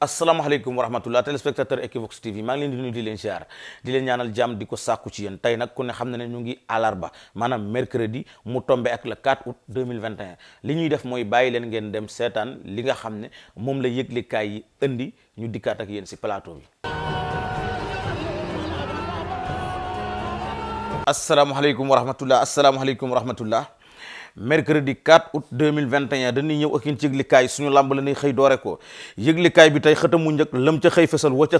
asalaamaaleykum wa rahmatullah téléspectateur Equivox TV maa ngi leen di nuyu di leen ziar di leen ñaanal jàmm di ko sàkku ci yéen tey nag ku ne xam na ne ñu ngi àllarba maanaam mercredi mu tombe ak le 4 août 2021 li ñuy def mooy bàyyi leen ngeen dem seetaan li nga xam ne moom la kaay yi indi ñu dikkaat ak yéen si plateau bi. asalaamaaleykum wa rahmatullah asalaamaaleykum wa rahmatullah mercredi 4 août 2021 dañuy ñëw ak yéen ci yëglikaay suñu làmb la ñuy xëy doore ko yëglikaay bi tey xëtamu njëkk lam ca xëy fesal wa ca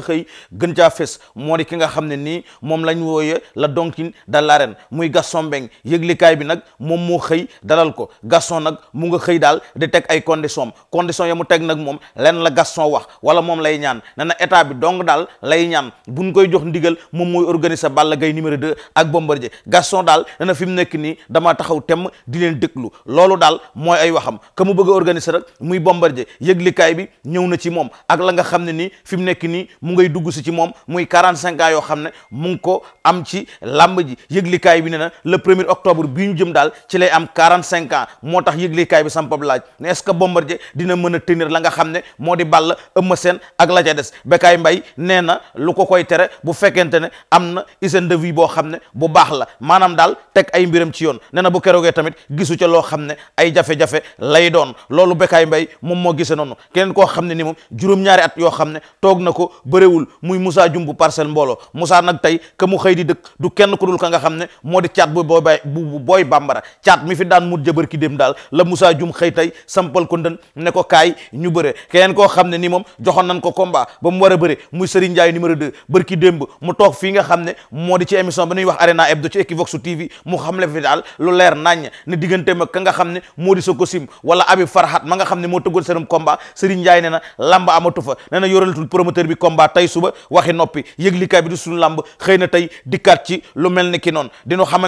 xëy gën caa fes moo di ki nga xam ne nii moom lañ wooye la donkin da l'arène muy Gaston Mbengue yëglikaay bi nag moom moo xëy dalal ko Gaston nag mu nga xëy daal di teg ay condition condition ya mu teg nag moom lenn la Gaston wax wala moom lay ñaan ne na état bi dong daal lay ñaan bu buñ koy jox ndigal moom mooy organiser Balla gay numéro 2 ak Bombardier Gaston daal dana fi nekk nii dama taxaw temm di leen déglu loolu daal mooy ay waxam ka mu bëgg a organiser rek muy bombardier yëglikaay bi ñëw na ci moom ak la nga xam ne nii fi mu nekk nii mu ngay dugg si ci moom muy 45 ans yoo xam ne mu ngi ko am ci làmb ji yëglikaay bi ne na le premier octobre bii ñu jëm daal ci lay am 45 moo tax yëglikaay bi sampab laaj ne ce que bombardier dina mën a tenir la nga xam ne moo di bàll ëmma seen ak la des Bécaye Mbaye nee na lu ko koy tere bu fekkente ne am na hygiène de vie boo xam ne bu baax la maanaam daal teg ay mbiram ci yoon nee na keroogee tamit gisu ca loo xam ne ay jafe-jafe lay doon loolu Bécaye Mbaye moom moo gise noonu keneen koo xam ne ni moom juróom-ñaari at yoo xam ne toog na ko bëréwul muy Moussa Jumbu Parcelles Mbooloo Moussa nag tey ka mu xëy di dëkk du kenn ku dul ka nga xam ne moo di caat bu booy bay bu booy bambara caat mi fi daan mut jëbër ki dem daal la Moussa Jum xëy tey sampal ko ndën ne ko kaay ñu bëre keneen koo xam ne ni moom joxoon nañ ko combat ba mu war a bëre muy Serigne Ndiaye numéro 2 bërki démb mu toog fii nga xam moo di ba ñuy wax Arena Hebdo ci leer naññ ne diggante ma ka nga xam ne moo di sa kosim wala abi farhat ma nga xam ne moo tëggoon seenum combat Serigne Ndiaye ne na lamba amatu fa ne na yoralatul promoteur bi combat tey suba waxi noppi yëglikaay bi di suñu lamb xëy na tey dikkaat ci lu mel ni ki noonu xam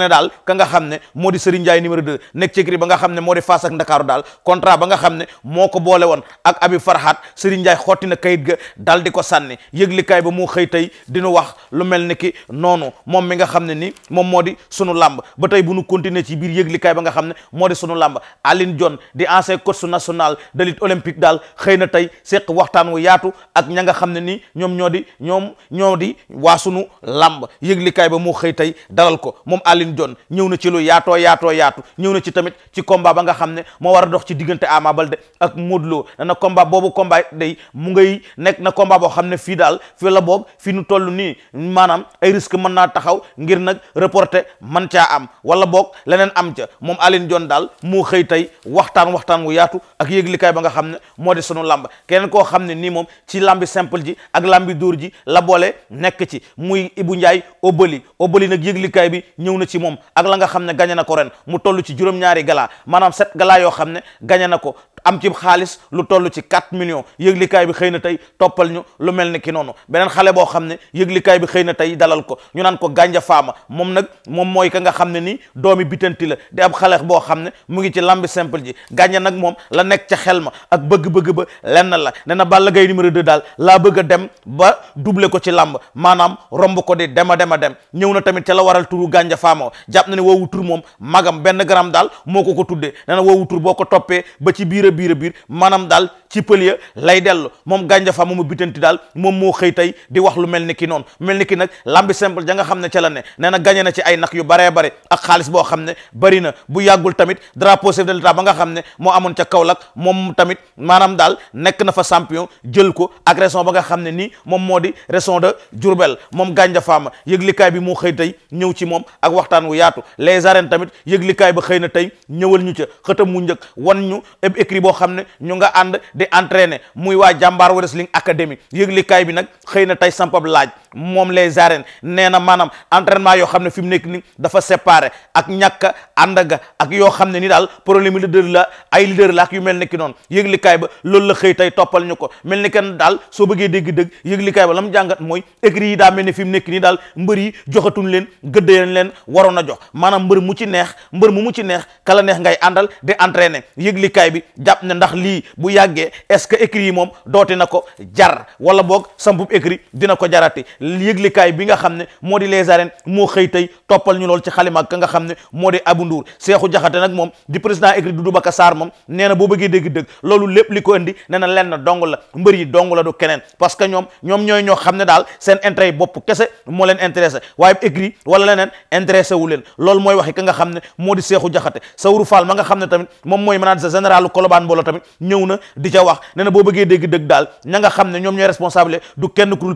ne moo di Serigne Ndiaye numéro 2 nekk ci écurie xam ne moo di Fass ak daal contrat ba nga xam ne moo ko boole woon ak abi farhat Serigne Ndiaye xotti na kayit ga dal di ko sànni yëglikaay ba moo xëy tey dinu wax lu mel ni ki noonu moom mi nga xam ne ni moom moo di sunu lamb ba tey bu nu continuer ci biir yëglikaay ba nga xam ne moo di sunu làmb Aline John di ancien coach national de lutte olympique daal xëy na tey seq waxtaan wu yaatu ak ña nga xam ne nii ñoom ñoo di ñoom ñoo di waa sunu làmb yëglikaay ba mu xëy tey dalal ko moom Aline John ñëw na ci lu yaatoo yaatoo yaatu ñëw na ci tamit ci combat ba nga xam ne moo war a dox ci diggante Ama de ak Modou Lo dana boobu combat day mu ngay nekk na combat boo xam ne fii daal fi la boobu fii nu toll nii maanaam ay risque mën naa taxaw ngir nag reporter man caa am am ca moom Alioune Dione daal moo xëy tey waxtaan waxtaan wu yaatu ak yëglikaay ba nga xam ne moo di sunu lamba keneen koo xam ne ni moom ci làmbi simple ji ak làmbi dóor ji la boole nekk ci muy Ibou Ndiaye Obali Obali nag yëglikaay bi ñëw na ci moom ak la nga xam ne gañe na ko ren mu toll ci juróom-ñaari gala maanaam set gala yoo xam ne gañe na ko am ci xaalis lu toll ci 4 millions yëglikaay bi xëy na tey toppal ñu lu mel ni ki noonu beneen xale boo xam ne yëglikaay bi xëy na tey dalal ko ñu naan ko gànja faama moom nag moom mooy ka nga xam ne ni doomi bitanti la di ab xale boo xam ne mu ngi ci lambi simple ji gànja nag moom la nekk ca xel ma ak bëgg-bëgg ba lenn la ne na Balla Gaye numéro 2 daal laa bëgg dem ba doubler ko ci lamb maanaam romb ko di dema dema dem ñëw na tamit ca la waral turu gànja faama jàpp na ne woowu tur moom magam benn garam daal moo ko ko tuddee biir a biir a biir maanaam daal ci pël ya lay dellu moom gànja fa moomu bitanti daal moom moo xëy tey di wax lu mel ni ki noonu mel ni ki nag lambi simple ja xam ne ca la ne nee na gàñe na ci ay nag yu baree bare ak xaalis boo xam ne bari na bu yàggul tamit drapeau chef de ba nga xam ne moo amoon ca Kaolack moom tamit maanaam daal nekk na fa champion jël ko ak ba nga xam ne nii moom moo di région de Diourbel moom gànja faama yëglikaay bi moo xëy tey ñëw ci moom ak waxtaan wu yaatu les arènes tamit yëglikaay ba xëy na tey ñëwal ñu ca xëtam écrit boo xam ne ñu nga ànd di entraîner muy waa jàmbaar wrestling academy yëglikaay bi nag xëy na tey sampab laaj moom les arènes nee na maanaam entraînement yoo xam ne fi mu nekk nii dafa séparé ak ñàkk ànd ga ak yoo xam ne ni daal problème leader la ay leader la ak yu mel ni ki noonu yëglikaay ba loolu la xëy tey toppal ñu ko mel ni kenn daal soo bëggee dégg-dëgg yëglikaay ba la mu jàngat mooy écrit yi daa mel ni fi mu nekk nii daal mbër yi joxatuñ leen gëdd leen leen waroon a jox maanaam mbër mu ci neex mbër mu mu ci neex kala neex ngay àndal di entraîner yëglikaay bi jàpp ne ndax lii bu yàggee est-ce que écrit yi moom doote ko jar wala boog sampub écrit dina ko jarati yëglikaay bi nga xam ne moo di les arènes moo xëy tey toppal ñu lool ci xalima ka nga xam ne moo di Abu Nduur Seexu Jaxate nag moom di président écrit Dudu Baka Sarr moom nee na boo bëggee dégg dëgg loolu lépp li ko indi nee na lenn dong la mbër yi dong la du keneen parce que ñoom ñoom ñooy ñoo xam ne daal seen intérêt yi bopp kese moo leen intéressé waaye écrit wala leneen intéressé wu leen loolu mooy waxi ka nga xam ne moo di Seexu caravane mbooloo tamit ñëw daal xam ne ñoom ñooy responsable du kenn ku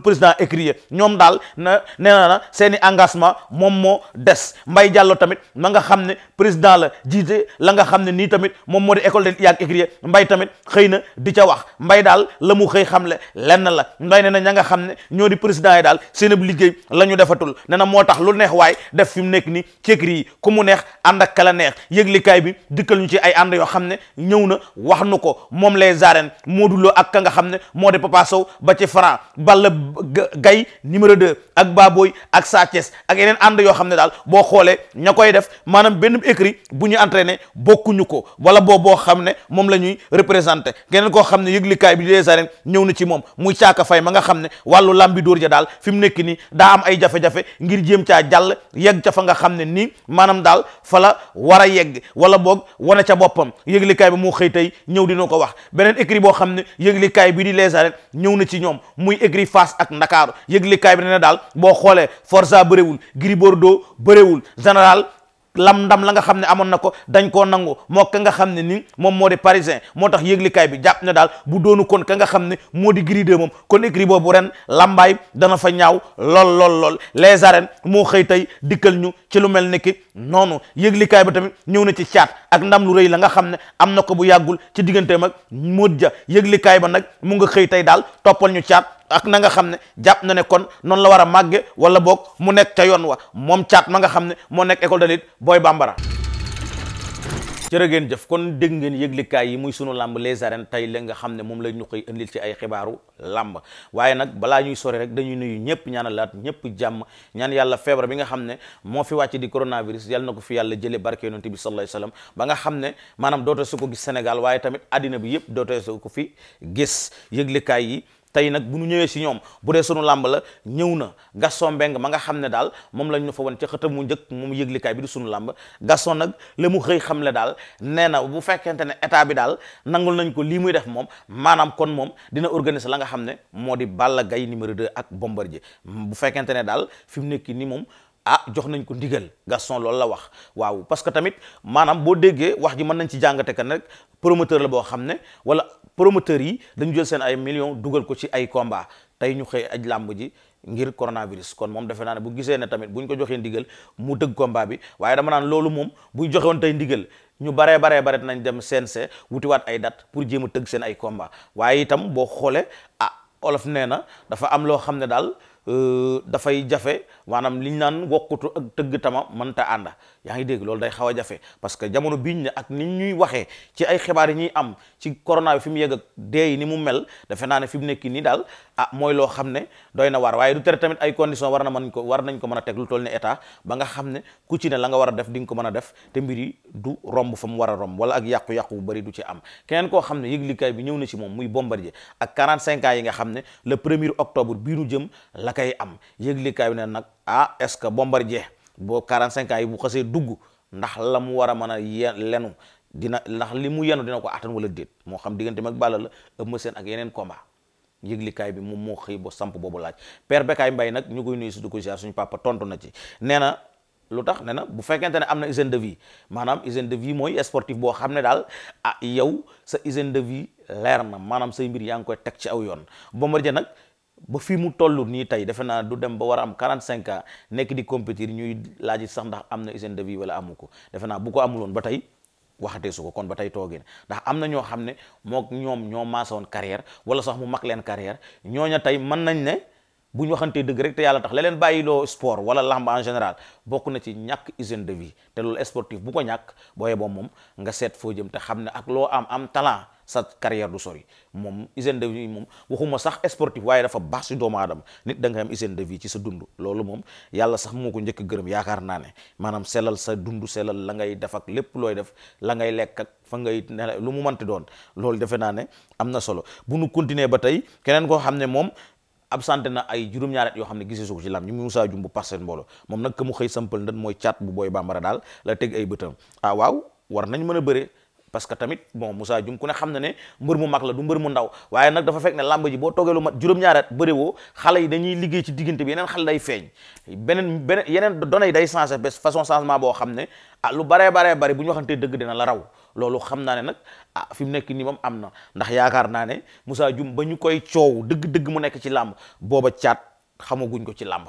seen engagement moom moo des Mbaye Diallo tamit ma nga xam ne président la jiite la nga xam ne nii tamit moom moo di école de yaag écrier tamit xëy na di ca wax Mbaye daal la mu xëy xamle lenn la Mbaye nee na ña nga xam ne ñoo di président yi daal seen ab liggéey la ñu defatul nee moo tax lu neex waaye def fi mu nekk ni ci écrits yi ku mu neex ànd ak kala neex yëglikaay bi dikkal ñu ci ay ànd yoo xam ne ñëw na wax nu ko moom les arènes Modou Lo ak ka nga xam ne moo de Papa Sow ba ci Franc Balla gay numéro 2 ak Baboy ak Sa ak yeneen ànd yoo xam ne daal boo xoolee ña koy def maanaam benn écrit bu ñu entraîné bokkuñu ko wala boo boo xam ne moom la ñuy représenté keneen koo xam ne yëglikaay bi les arènes ñëw na ci moom muy caaka fay ma nga xam ne wàllu lambi dóor ja daal fi mu nekk nii daa am ay jafe-jafe ngir jéem caa jàll yegg ca fa nga xam ne nii maanaam daal fa la war a yegg wala boog wane ca boppam tey ñëw dina ko wax beneen écrit boo xam ne yëglikaay bi di les arènes ñëw na ci ñoom muy écrit fas ak ndakaaru yëglikaay bi ne na daal boo xoolee forsa bëréwul Gris Bordeaux bëréwul lam ndam la nga xam ne amoon na ko dañ koo nangu moo ka nga xam ne nii moom moo di parisien moo tax yëglikaay bi jàpp ne daal bu doonu kon ka nga xam ne moo di gridé moom kon écrit boobu ren lambaay dana fa ñaaw lool lool lool les arènes moo xëy tey dikkal ñu ci lu mel ni ki noonu yëglikaay bi tamit ñëw na ci caat ak ndam lu rëy la nga xam ne am na ko bu yàggul ci diggante mag ja yëglikaay ba nag mu nga xëy tey daal toppal ñu caat ak na nga xam ne jàpp na ne kon noonu la war a màgge wala boog mu nekk ca yoon wa moom caat ma nga xam ne moo nekk école de booy bambara jërë ngeen jëf kon dégg ngeen yëglikaay yi muy sunu làmb les arènes tey la nga xam ne moom la ñu koy indil ci ay xibaaru làmb waaye nag balaa ñuy sori rek dañuy nuyu ñëpp ñaanalaat ñëpp jàmm ñaan yàlla feebar bi nga xam ne moo fi wàcc di coronavirus yàlla na ko fi yàlla jële barke yonent bi sallallahu alayhi wasallam ba nga xam ne maanaam dootee su ko gis Sénégal waaye tamit àddina bi yëpp dootee su ko fi gis yëglikaay yi tey nag bu ñu ñëwee si ñoom bu dee sunu làmb la ñëw na Gaston Mbengue ma nga xam ne daal moom lañ ñu fa won ca xëtam mu njëkk moom yëglikaay bi di sunu làmb Gaston nag la mu xëy xam le daal nee na bu fekkente ne état bi daal nangul nañ ko lii muy def moom maanaam kon moom dina organiser la nga xam ne moo di Balla Gaye numéro 2 ak Bombardier bu fekkente ne daal fi mu nekk nii moom ah jox nañ ko ndigal Gaston loolu la wax waaw parce que tamit maanaam boo déggee wax ji mën nañ ci jàngate kan rek promoteur la boo xam ne wala promoteur yi dañu jël seen ay millions dugal ko ci ay combat tey ñu xëy ay làmb ji ngir coronavirus kon moom defe naa ne bu gisee ne tamit bu ñu ko joxee ndigal mu dëgg komba bi waaye dama naan loolu moom bu joxe tey ndigal ñu baree baree bare nañ dem seen se wutiwaat ay dat pour jéem a tëgg seen ay combat waaye itam boo xoolee ah olof nee na dafa am loo xam ne daal Euh, dafay jafe maanaam liñ naan wokkutu ak tëgg tama mënta ànda yaa ngi dégg loolu day xaw jafe parce que jamono biñ ne ak ni ñuy waxee ci ay xibaar yi ñuy am ci corona bi fi mu yegg ak dee yi ni mu mel defe naa ne fi mu nekk nii daal ah mooy loo xam ne doy na waar waaye du tere tamit ay condition war na mën ko war nañ ko mën a teg lu toll ne état ba nga xam ne ku ci ne la nga war a def di ko mën a def te mbir yi du romb fa mu war a romb wala ak yàqu-yàqu bu bari du ci am keneen koo xam ne yëglikaay bi ñëw na ci moom muy bombardier ak 45 ans yi nga xam ne le premier octobre bii nu jëm la koy am yëglikaay bi ne nag ah est-ce que bombardier boo 45 ans yi bu xasee dugg ndax la mu war a mën a ye lenu dina ndax li mu yenu dina ko attan wala déet moo xam diggante mag Balla la Eumeu seen ak yeneen combat yëglikaay bi moom moo xëy ba samp boobu laaj père Bekaay Mbaye nag ñu koy nuyu si di ko ziar suñu papa tontu na ci nee na lu tax nee na bu fekkente ne am na hygiène de vie maanaam hygiène de vie mooy sportif boo xam ne daal a ah, yow sa hygiène de vie leer na maanaam say mbir yaa ngi koy teg ci aw yoon Bombardier nag ba fii mu toll nii tey defe naa du dem ba war a am 45 ans nekk di compétir ñuy laaji sax ndax am na hygiène de vie wala amu ko defe naa bu ko amuloon ba tey waxatee su ko kon ba tey toogee ndax am na ñoo xam ne moo ñoom ñoo maasa woon carrière wala sax mu mag leen carrière ñooña tey mën nañ ne bu ñu waxantee dëgg rek te yàlla tax la bàyyi loo sport wala lamb en général bokk na ci ñàkk hygiène de vie te loolu sportif bu ko ñàkk booyee boo moom nga seet foo jëm te xam ne ak loo am am talent sa carrière du sori moom hygiène de vie moom waxuma sax sportif waaye dafa baax si doomu aadama nit da nga am hygiène de vie ci sa dund loolu moom yàlla sax moo ko njëkk gërëm yaakaar naa maanaam selal sa dund selal la ngay def ak lépp looy def la ngay lekk ak fa ngay lu mu manti doon loolu defe naa ne am na solo bu nu continuer ba tey keneen koo xam ne moom absenté na ay juróom-ñaari yoo xam ne gisee su ko ci lam ñu Moussa bu passé mbooloo moom nag ka mu xëy sampal ndan mooy caat bu booy daal la teg ay bëtam ah parce que tamit bon Moussa Dioum ku ne xam na ne mbër mu mag la du mbër mu ndaw waaye nag dafa fekk ne làmb ji boo toogee lu mat juróom-ñaari at xale yi dañuy liggéey ci diggante bi yeneen xale day feeñ beneen beneen yeneen données yi day changé ba façon changement boo xam ne ah, lu baree baree bari bu ñu waxantee dëgg dina la raw loolu xam naa ne nag ah fi mu nekk nii moom am na ndax yaakaar naa ne Moussa Dioum ba ñu koy coow dëgg-dëgg mu nekk ci làmb booba caat xamaguñ ko ci làmb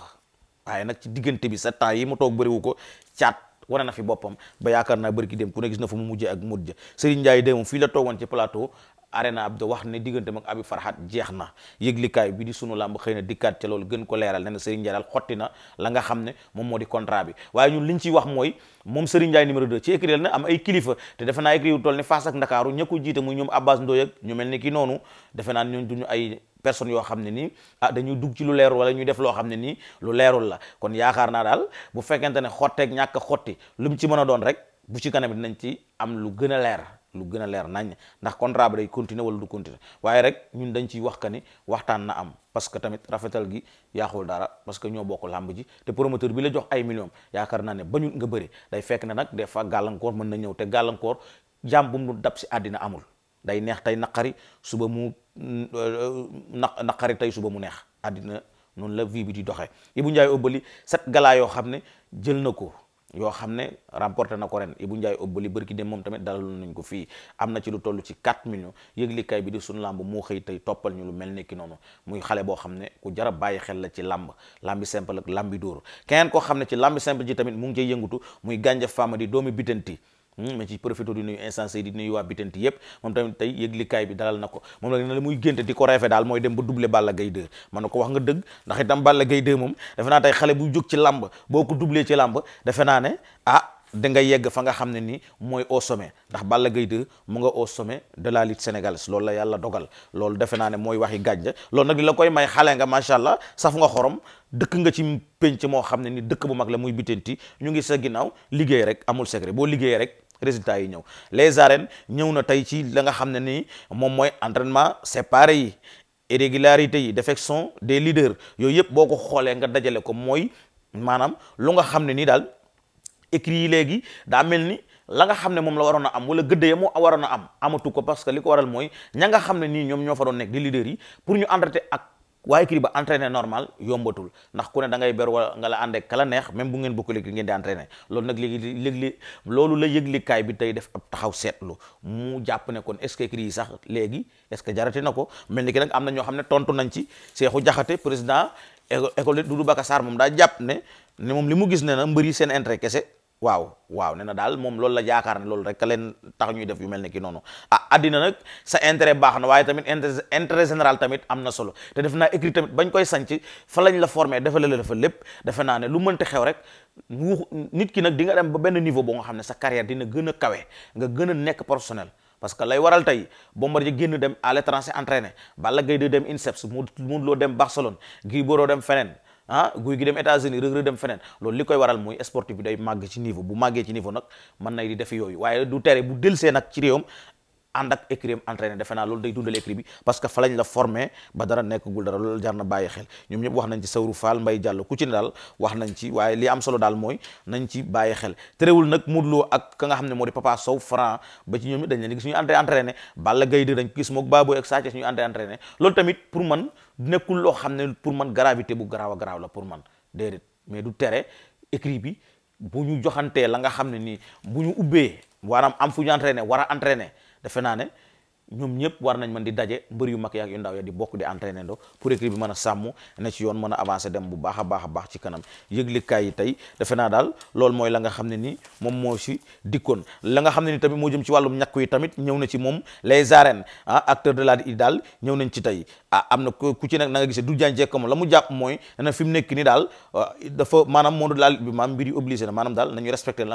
waaye nag ci diggante bi sept ans yi mu toog bëriwu ko caat wane na fi boppam ba yaakaar naa bërki dem ku ne gis na fu mu mujjee ak mujj Serigne Ndiaye démb fii la toogoon ci plateau arena abdo wax ne diggante mag abi farhat jeex na yëglikaay bi di sunu làmb xëy na dikkaat ca loolu gën ko leeral ne na Serigne Ndiaye daal xotti na la nga xam ne moom moo di contrat bi waaye ñun liñ ciy wax mooy moom Serigne Ndiaye numéro 2 ci écrit na am ay kilifa te defe naa écrit yu toll ne Fass ak Ndakaaru ña ko jiite muy ñu mel ni ki noonu defe naa ñooñ duñu ay personnes yoo xam ne nii ah dañuy dugg ci lu leerul wala ñuy def loo xam ne nii lu leerul la kon yaakaar naa daal bu fekkente ne xotteeg ñàkk xotti lu mu ci mën a doon rek bu ci kanam dinañ ci am lu gën a leer lu gën a leer nañ ndax contrat bi day continuer wala du continuer waaye rek ñun dañ ciy wax ka ni waxtaan na am parce que tamit rafetal gi yaaxul dara parce que ñoo bokk làmb ji te promoteur bi la jox ay millions yaakaar naa ne bañu nga bëri day fekk ne nag des fois gàllankoor mën na ñëw te gàllankoor jàmm dab si àddina amul day neex tey naqari suba mu mm, na naqari tey suba mu neex àddina noonu la vie bi di doxee Ibou Ndiaye Obali set galaa yoo xam ne jël na ko yoo xam ne remporté na ko ren Ibou Ndiaye Obali bërki dem moom tamit dalaloon nañ ko fii am na ci lu toll ci 4 millions yëglikaay bi di sunu làmb moo xëy tey toppal ñu lu mel nekki noonu muy xale boo xam ne ku jara bàyyi xel la ci làmb làmbi simple ak làmbi door keneen koo xam ne ci làmbi simple ji tamit mu ngi cay yëngutu muy gànja faama di doomi bitanti Hmm, ma ci profité di nuyu instance yi di nuyu waa Bitenti yëpp moom tamit tey yëglikaay bi dalal na ko moom la ne la muy génte ko reefe daal mooy dem ba doublé Balla Gaye 2 man na ko wax nga dëgg ndax itam Balla Gaye moom defe naa tey xale bu jug ci làmb boo ko doublé ci làmb defe naa ne ah da nga yegg fa nga xam ne ni mooy au sommet ndax Balla Gaye 2 mu nga au sommet de la lutte sénégalaise loolu la yàlla dogal loolu defe naa ne mooy waxi gànja loolu nag la koy may xale nga macha allah saf nga xorom dëkk nga ci penc moo xam ne ni dëkk bu mag la muy Bitenti ñu ngi sa ginnaaw liggéey rek amul secret boo liggéey rek résultat yi ñëw les arènes ñëw na tey ci la nga xam ne ni moom mooy entraînement séparé yi irrégularité yi défection des leaders yooyu yëpp boo ko xoolee nga dajale ko mooy maanaam lu xam ne ni daal écrit yi léegi daa mel ni la nga xam ne moom la waroon a am wala gëdd ya moo waroon a am amatu ko parce que li ko waral mooy ña nga xam ne nii ñoo fa doon nekk di leader yi pour ñu entraîner ak waaye écrit ba entraîner normal yombatul ndax ku ne da ngay ber wala nga la ànd ak kala neex même bu ngeen bokkul écrit ngeen di entraîner loolu nag léegi léegi loolu la yëglikaay bi tey def a taxaw seetlu mu jàpp ne kon est ce que écrit yi sax léegi est ce que jarati na ko mel ni ki am na ñoo xam ne tontu nañ ci Cheikhou Diakhaté président école Doudou Baka Sarr moom daa jàpp ne ne moom mu gis ne na mbëri seen intérêt kese waaw waaw nee na daal moom loolu la yaakaar ne loolu rek leen tax ñuy def yu mel ne ki noonu ah addina nag sa intérêt baax na waaye tamit intérêt intérêt général tamit am na solo te def naa écrit tamit bañ koy sanc fa lañ la formé defe la la fa lépp defe naa ne lu mënti xew rek mu nit ki nag di nga dem ba benn niveau boo nga xam ne sa carrière dina gën a kawe nga gën a nekk professionnel parce que lay waral tey Bombardier génn dem à l'étranger entraîné Balla gay 2 dem INSEPS Modou loo dem Barcelone Gris Bordeaux dem feneen ah guy gi dem États-Unis Reug Reug dem feneen loolu li koy waral mooy sportif bi day màgg ci niveau bu màggee ci niveau nag mën na di def yooyu waaye du tere bu delsee nag ci réewam ànd ak écrit am entraîné defe naa loolu day dundal écrit bi parce que fa lañ la formé ba dara nekkagul dara loolu jar na xel ñoom ñëpp wax nañ ci Sawru Fall Mbay Jàllo ku ci ne wax nañ ci waaye li am solo daal mooy nañ ci bàyyi xel terewul nag Modou Lo ak ka nga xam ne moo di Papa Sow Franc ba ci ñoom it dañ leen gis ñu ànd entraîné Balla Gaye dañ ko gis mook loolu tamit pour man nekkul loo xam ne pour man gravité bu a garaaw pour man déedéet mais du tere écrit bi bu ñu joxantee la nga xam ne nii bu ñu ubbee waram am fu ñu entraîné war a entraîné defe naa ne ñoom ñëpp war nañ mën di daje mbër yu mag yaak yu ndaw ya di bokk di entraîner do pour équipe bi mën a sàmm ne ci yoon naa daal loolu mooy la nga xam ne ni moom moo si dikkoon la nga xam ne ni tamit moo jëm ci wàllum ñàkk yi tamit ñëw na ci moom les arènes ah, la yi daal ñëw nañ ci tey ah, na ku ci nag la mu jàpp mooy na fi mu ni daal ah, dafa maanaam la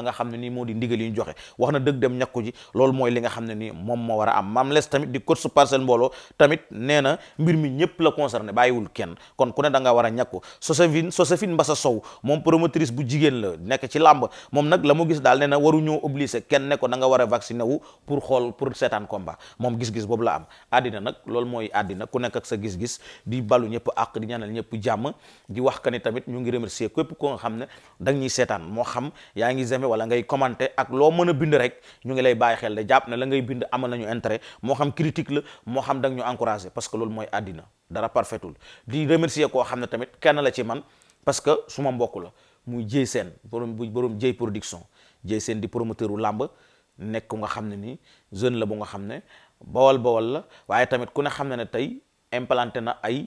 nga xam ne nii moo di ndigal yi ñu li nga xam ne ni moom moo war a am maam les Niass tamit di coach su Parcelles Mbooloo tamit nee na mbir mi ñëpp la concerné wul kenn kon ku ne da war a ñàkku Joséphine Joséphine Mbassa Sow moom promotrice bu jigéen la nekk ci làmb moom nag la mu gis daal nee na waruñoo obligé kenn ne ko war a vacciné wu pour xool pour seetaan combat moom gis-gis boobu la am àddina nag loolu mooy àddina ku nekk ak sa gis-gis di balu ñëpp ak di ñaanal ñëpp jàmm gi wax ka ni tamit ñu ngi remercier képp ko nga xam ne da ñuy seetaan moo xam yaa ngi zeme wala ngay commenter ak loo mën a bind rek ñu ngi lay bàyyi xel da jàpp ne la ngay bind amal nañu intérêt moo xam critique la moo xam da nga ñu encouragé parce que loolu mooy àddina dara parfaitul di remercier koo xam ne tamit kenn la ci man parce que su ma mbokk la muy jëy seen borom bu borom jëy production jëy seen di promoteur u làmb nekk nga xam ne nii jeune la bu nga xam ne bawal bawal la waaye tamit ku ne xam ne ne tey implanté na ay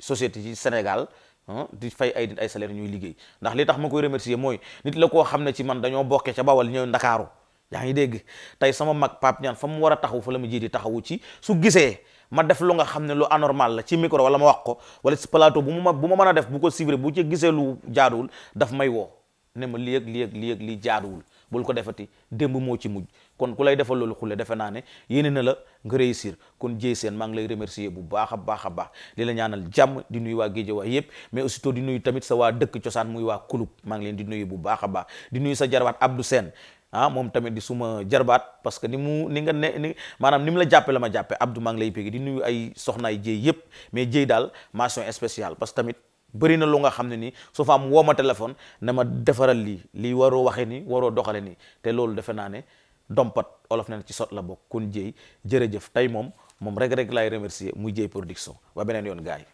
société ci Sénégal ah, di fay ay nit ay salaire ñuy liggéey ndax li tax ma koy remercier mooy nit la koo xam ne ci man dañoo bokkee ca bawal ñëw ndakaaru yaa ngi dégg tey sama mag Pape Niane fa mu war a taxaw fa la mu di taxawu ci su gisee ma def lu nga xam ne lu anormal la ci micro wala ma wax ko wala si plateau bu ma bu ma mën a def bu ko suivre bu ci lu jaaduwul daf may woo ne ma lii ak lii ak lii ak lii ko defati démb moo ci mujj kon ku lay defal loolu xulle defe naa ne yéene na la nga réussir kon jéy seen maa ngi lay remercier bu baax a baax a baax li la ñaanal jàmm di nuyu waa Géejawaay yëpp mais aussitôt di nuyu tamit sa waa dëkk cosaan muy waa kulub maa ngi leen di nuyu bu baax a baax di nuyu sa jarwaat Abdou Sène ah moom tamit di suma jarbaat parce que ni mu ni nga ne ni maanaam ni mu la jàppe la ma jàppe Abdou maa ngi lay péggi di nuyu ay soxnaay jéy yëpp mais jéy daal mention spéciale parce que tamit bëri na lu nga xam ne nii su fa am woo ma téléphone na ma defaral lii lii waroo waxee nii waroo doxale nii te loolu defe naa ne dompat olof na ci sot la bokk kon jéy jërëjëf tey moom moom rek rek laay remercier mu jéy production ba beneen yoon gars yi